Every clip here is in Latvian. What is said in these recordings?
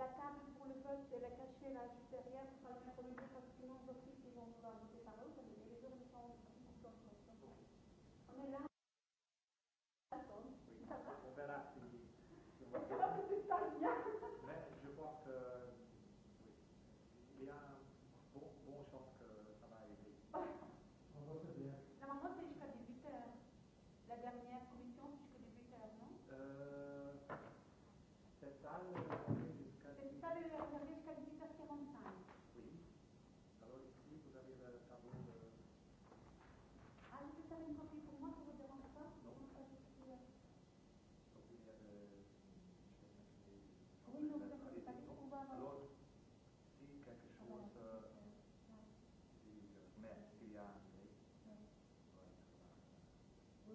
la table pour le vote de la cacher la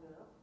gouverneur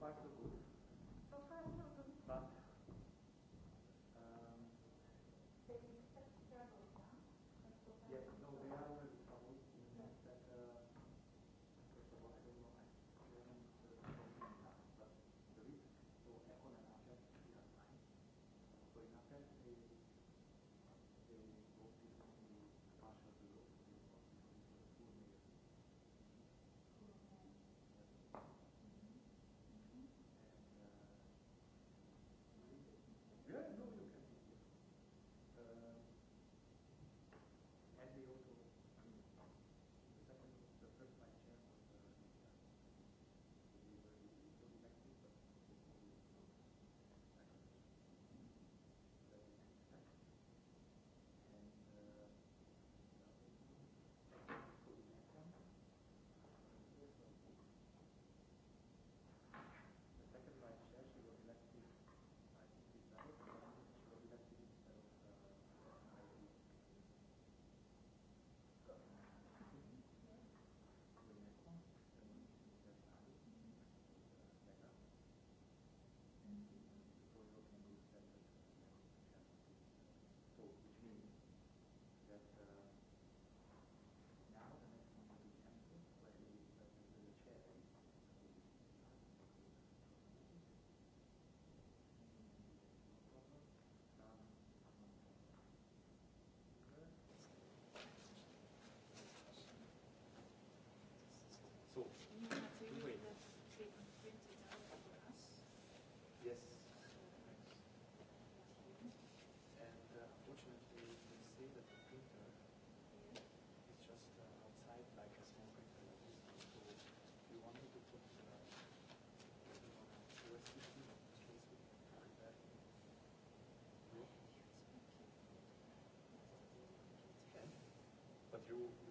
impactul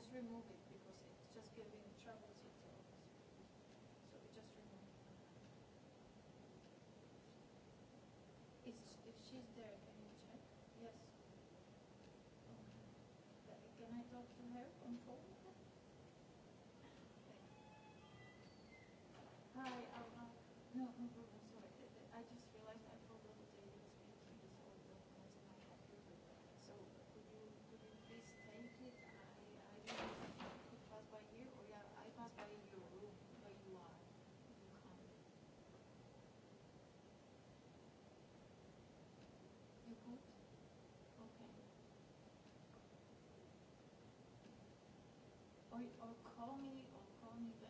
just remove it because it's just giving trouble to itself. So we just remove it. It's, if she's there, can you check? Yes. Can I talk to her on phone? or call me or call me back.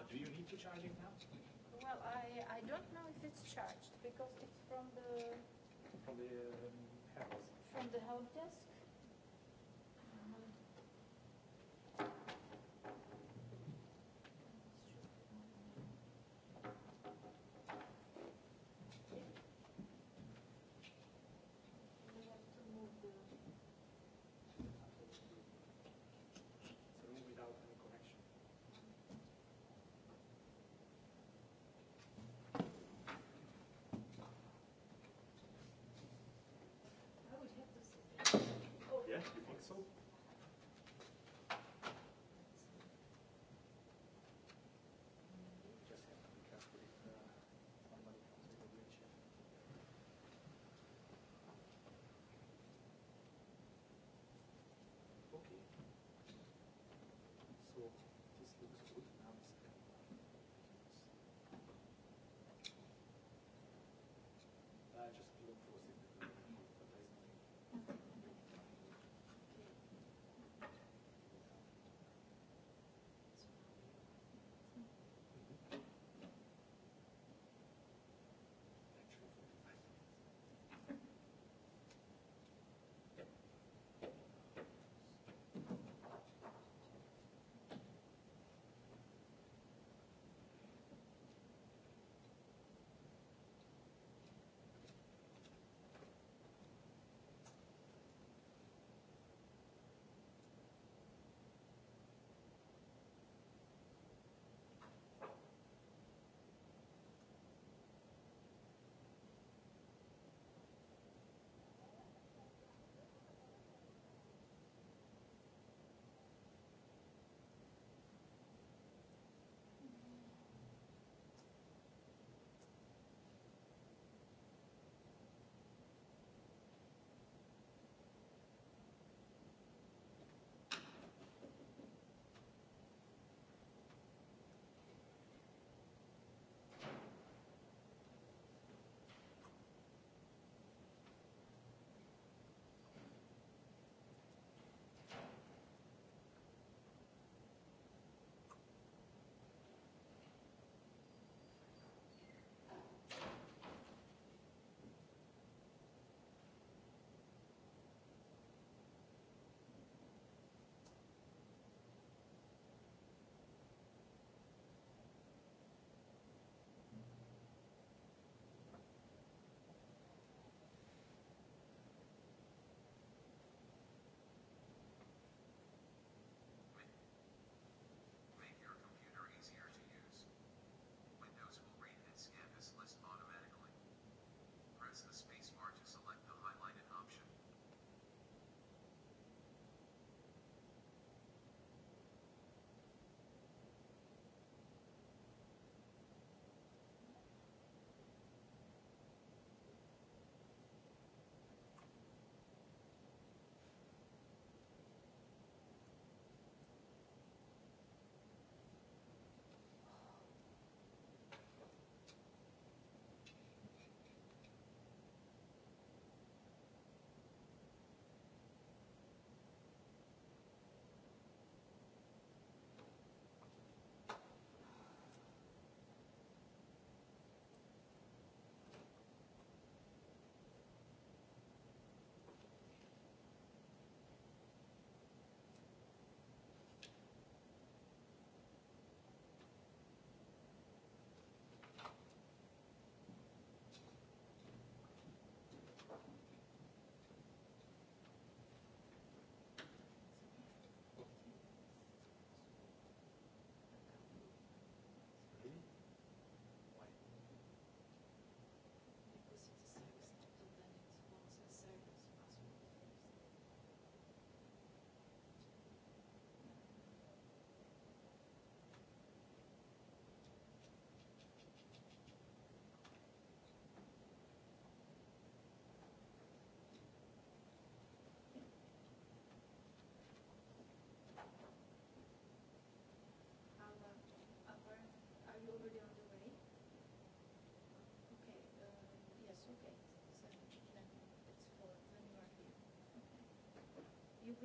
But do you need to charge it now? Well, I, I don't know if it's charged because it's from the... From the um, help desk. From the help desk? council.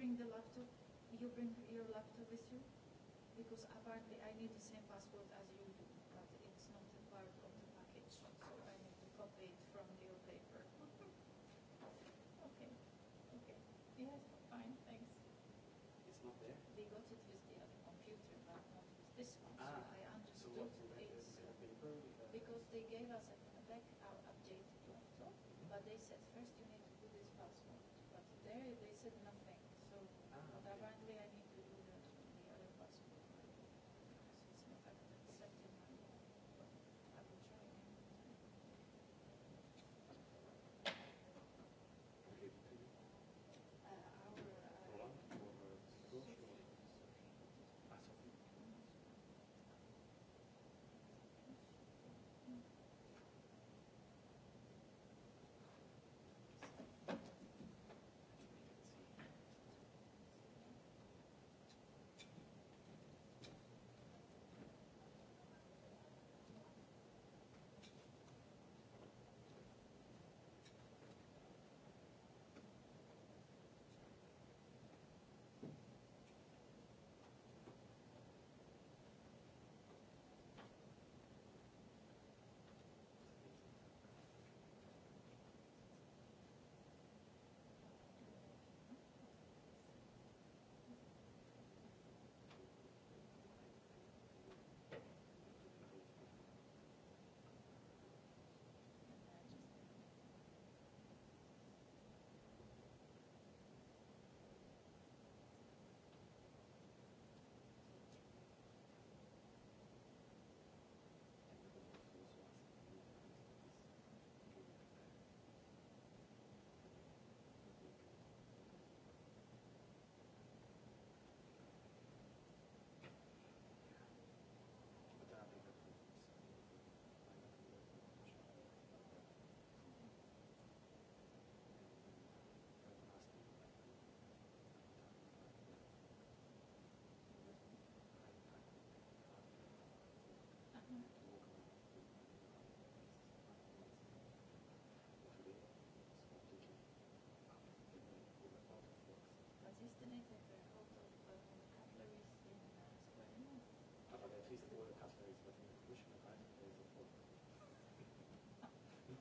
bring the laptop, you bring your laptop with you? Because apparently I need the same password as you do, but it's not a part of the package, so I need to copy it from your paper. okay, okay. Yes, fine, thanks. It's not there? They got it with the other computer, but not with this one, ah, so I understood so what you it's... Uh, paper because they gave us a back our updated laptop, mm -hmm. but they said first you need to do this password. But there they said no,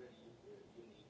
very unique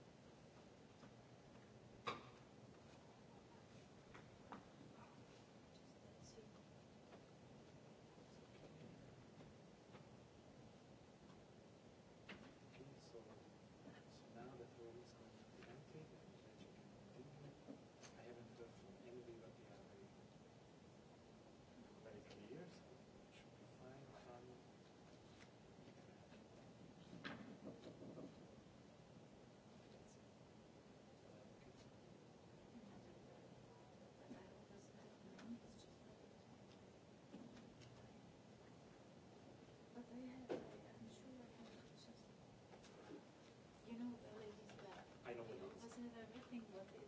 think what is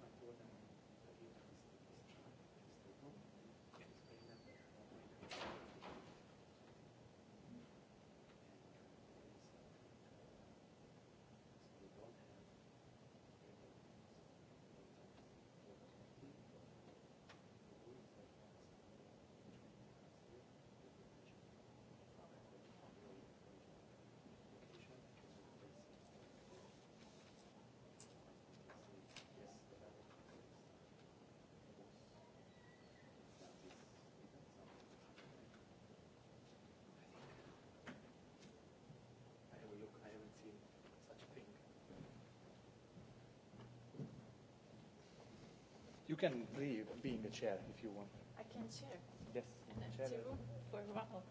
You can leave, be in the chair if you want. I can chair. Yes. And empty room for a while.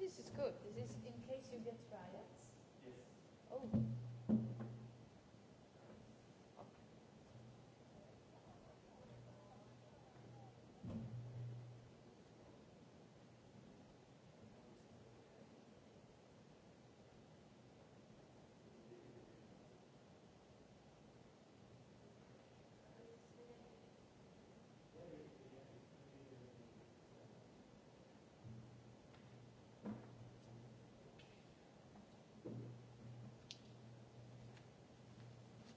This is good. This is in case you get riots. Yes. Oh.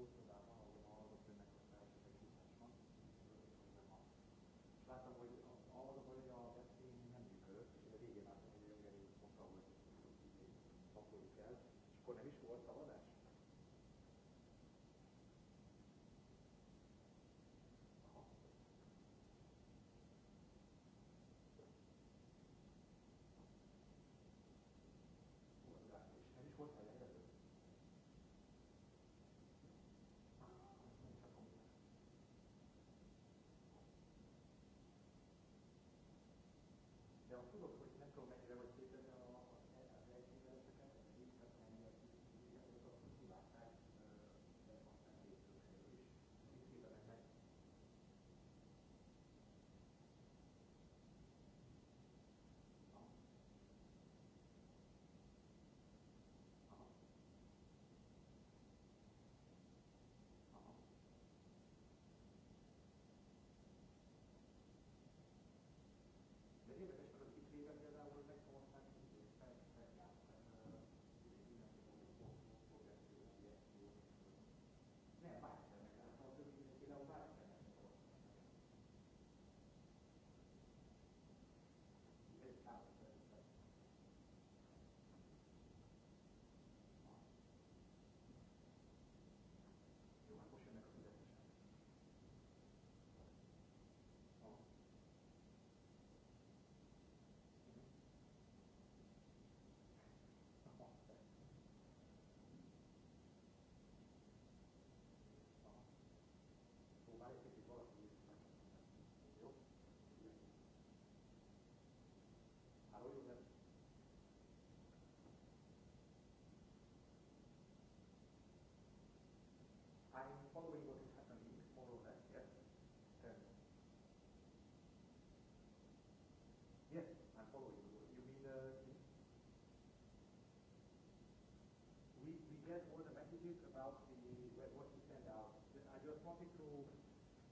putu dana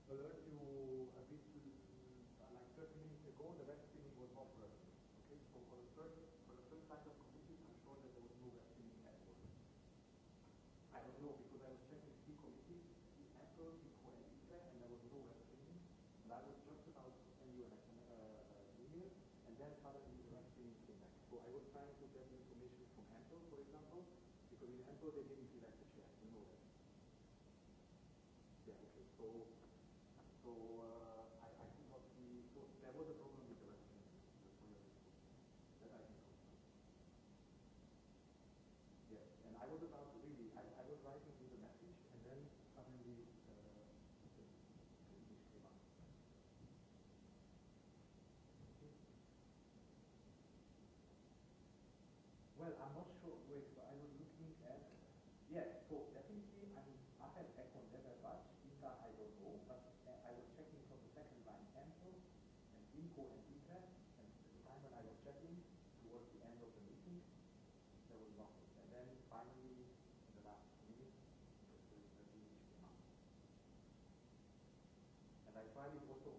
But when you a bit uh, like 30 minutes ago, the vaccine was not working. Okay, so for the first for the first kind of committees, I'm sure that there was no vaccine in Apple. I don't know because I was checking three committees, the Apple, the Coalition, and there was no vaccine. And I was just about to send you an uh, email, and then suddenly the vaccine came back. So I was trying to get information from Apple, for example, because in Apple they didn't elect the chair, you know that. Yeah, okay, so. So uh, I, I think what we, so there was a problem with the vaccine. That I think. Yes, and I was about to really, I, I was writing you the message, and then suddenly uh, Well, I'm not sure. Wait, koja bi postao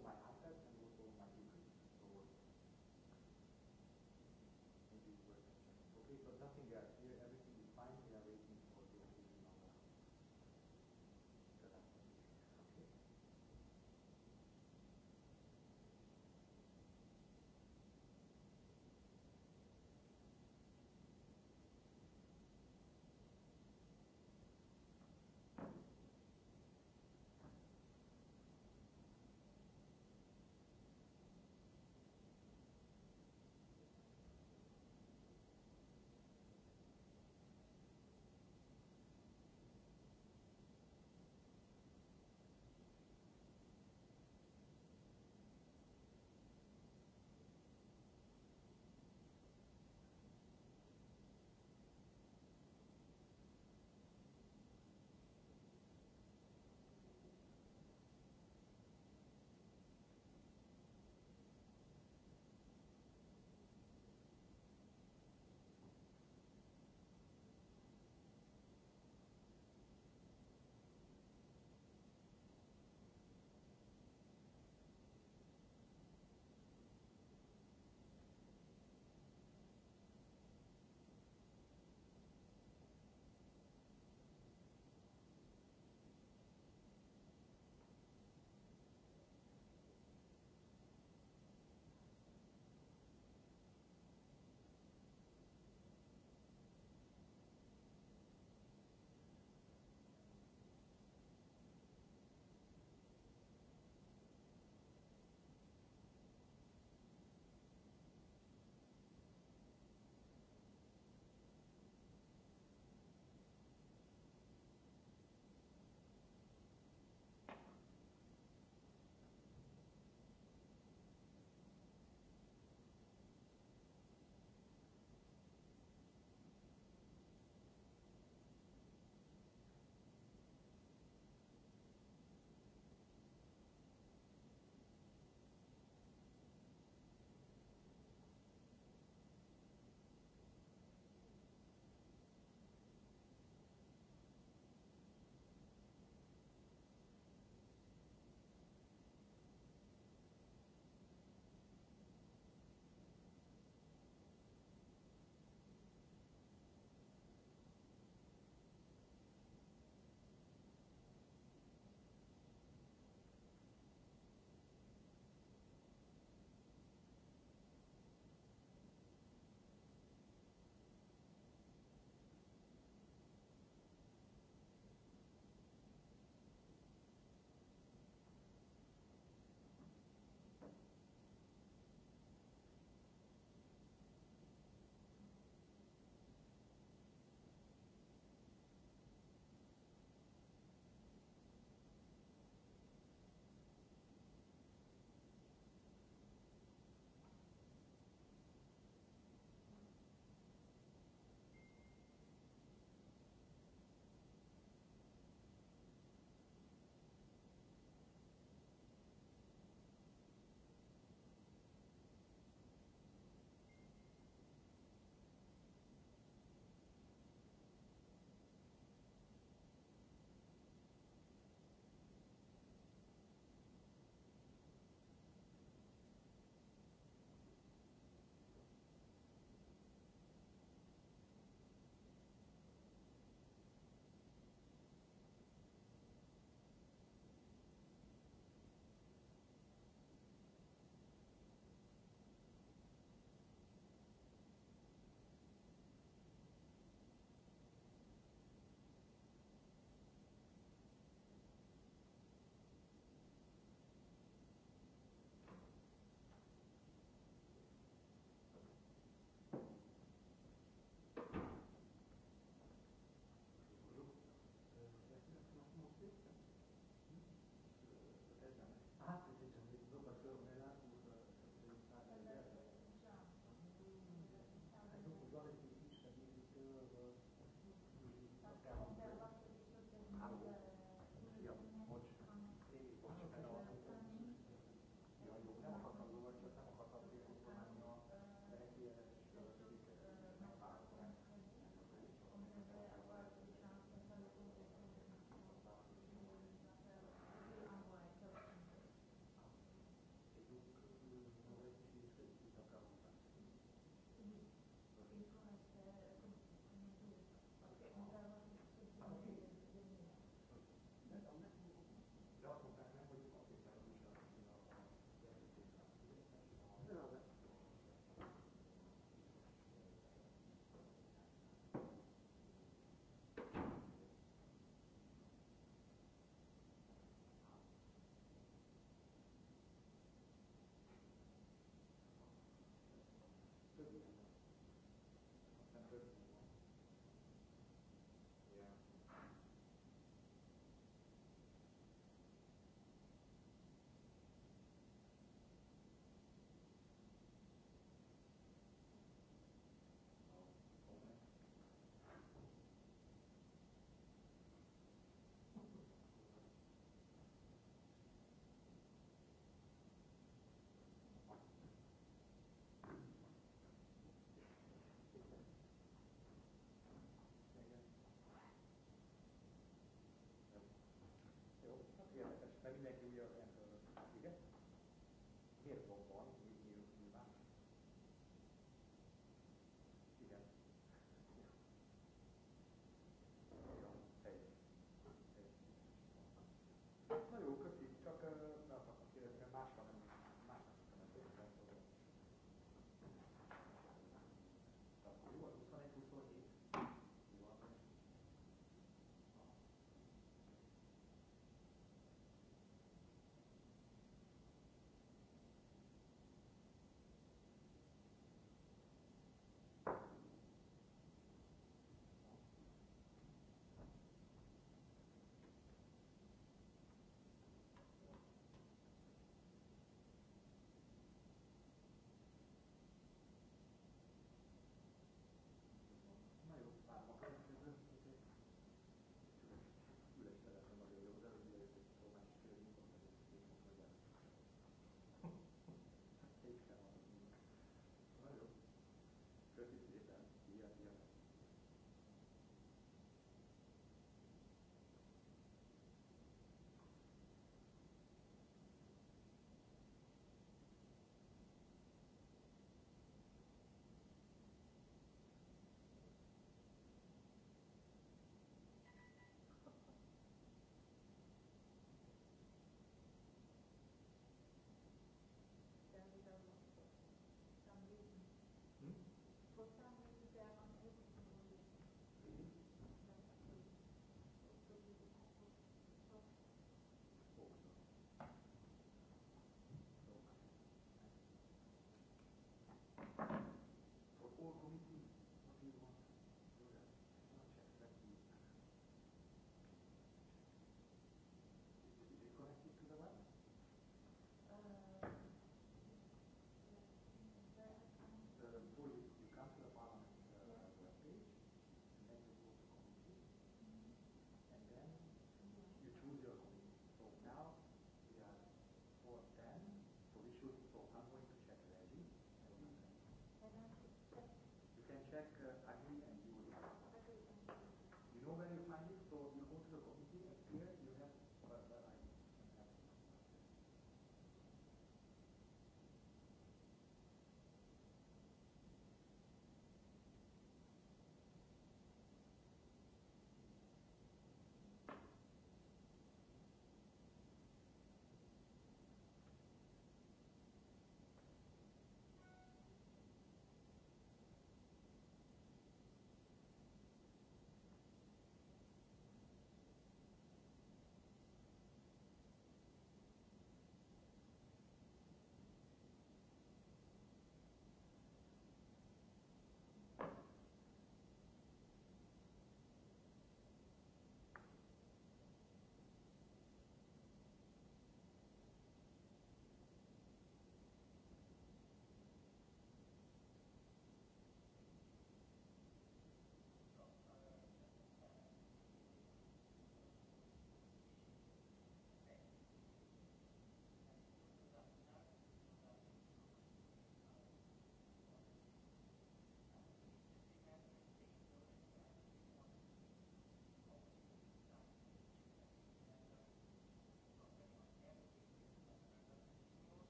tillgång.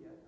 Yes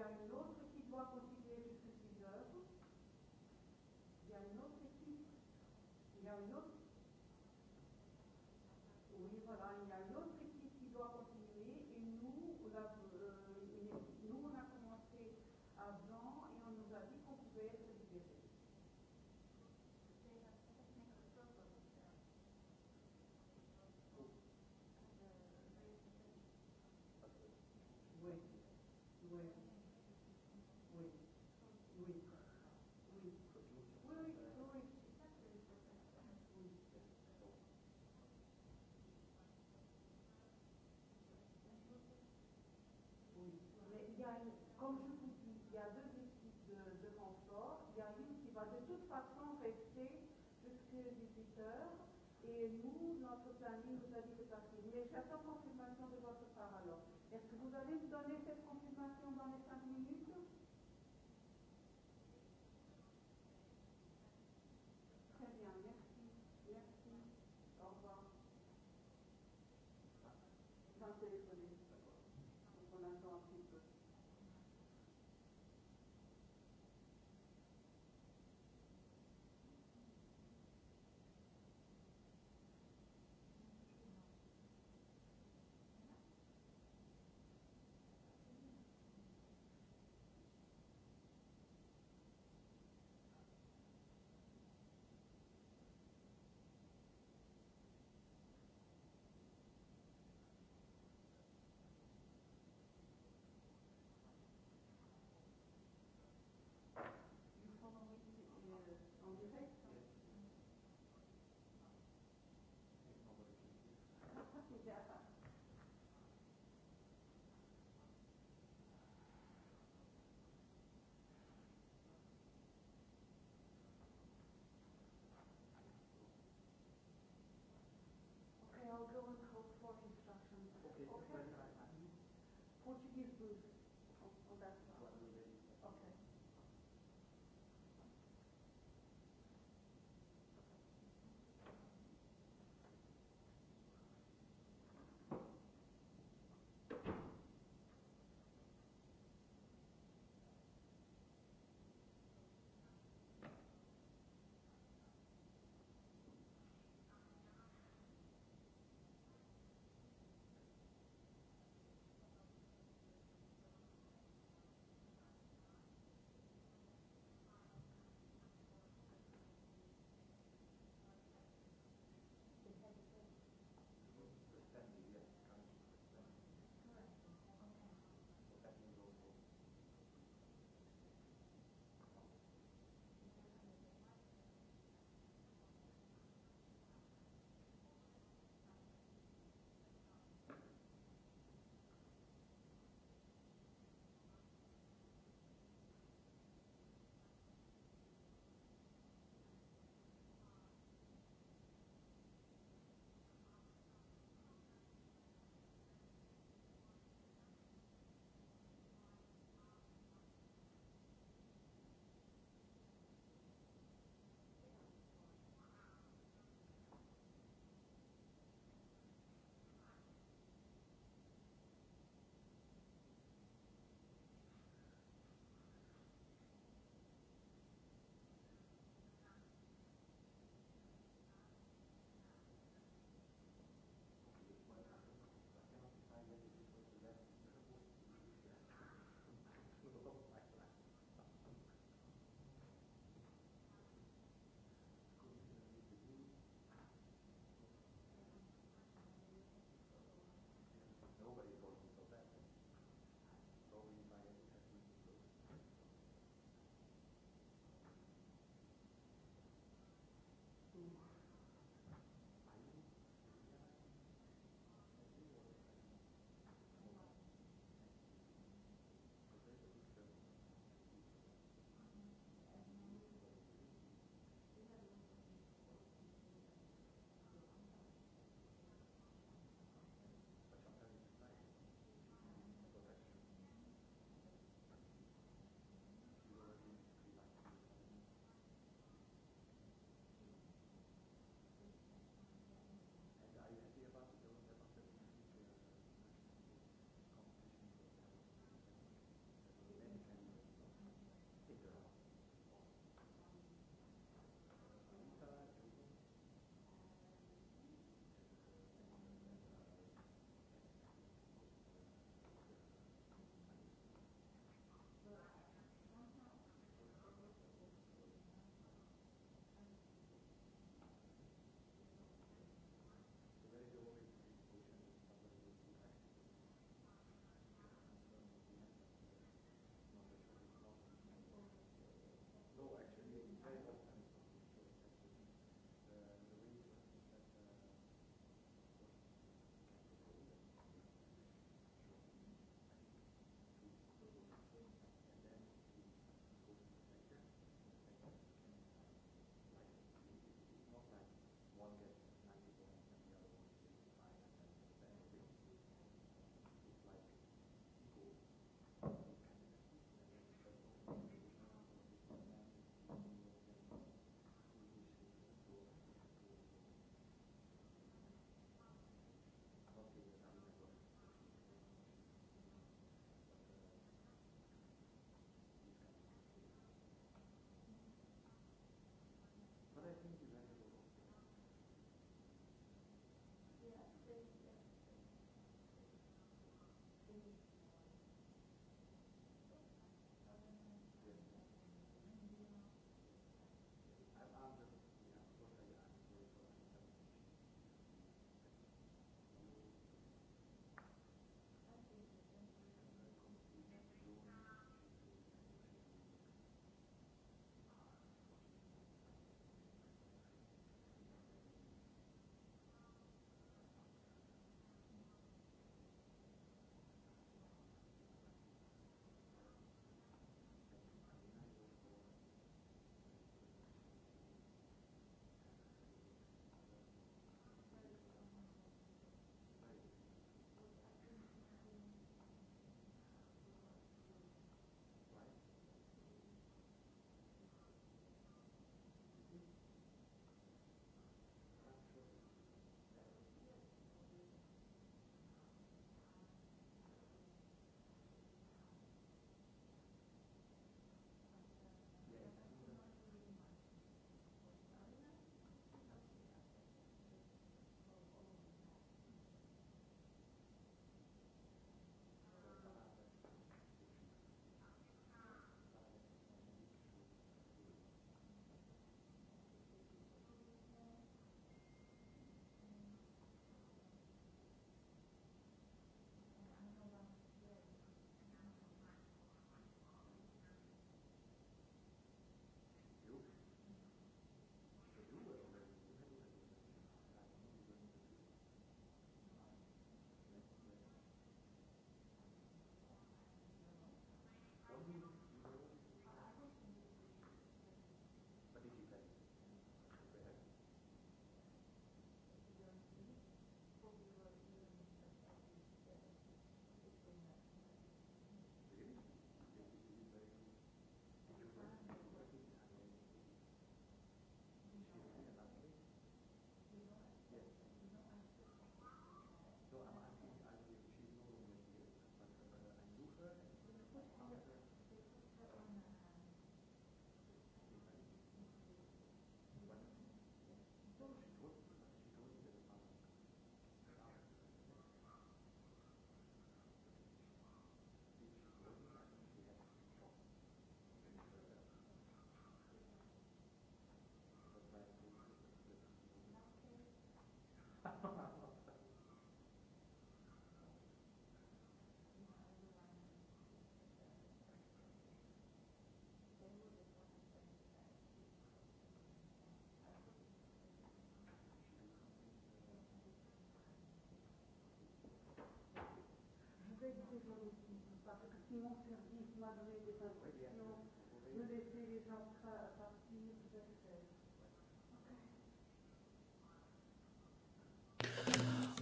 пять минут, шестьдесят два Deci asta a fost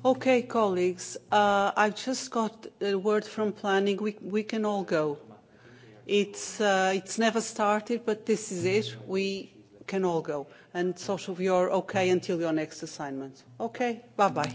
Okay, colleagues, uh, I just got a word from planning. We, we can all go. It's, uh, it's never started, but this is it. We can all go. And social, you're okay until your next assignment. Okay, bye-bye.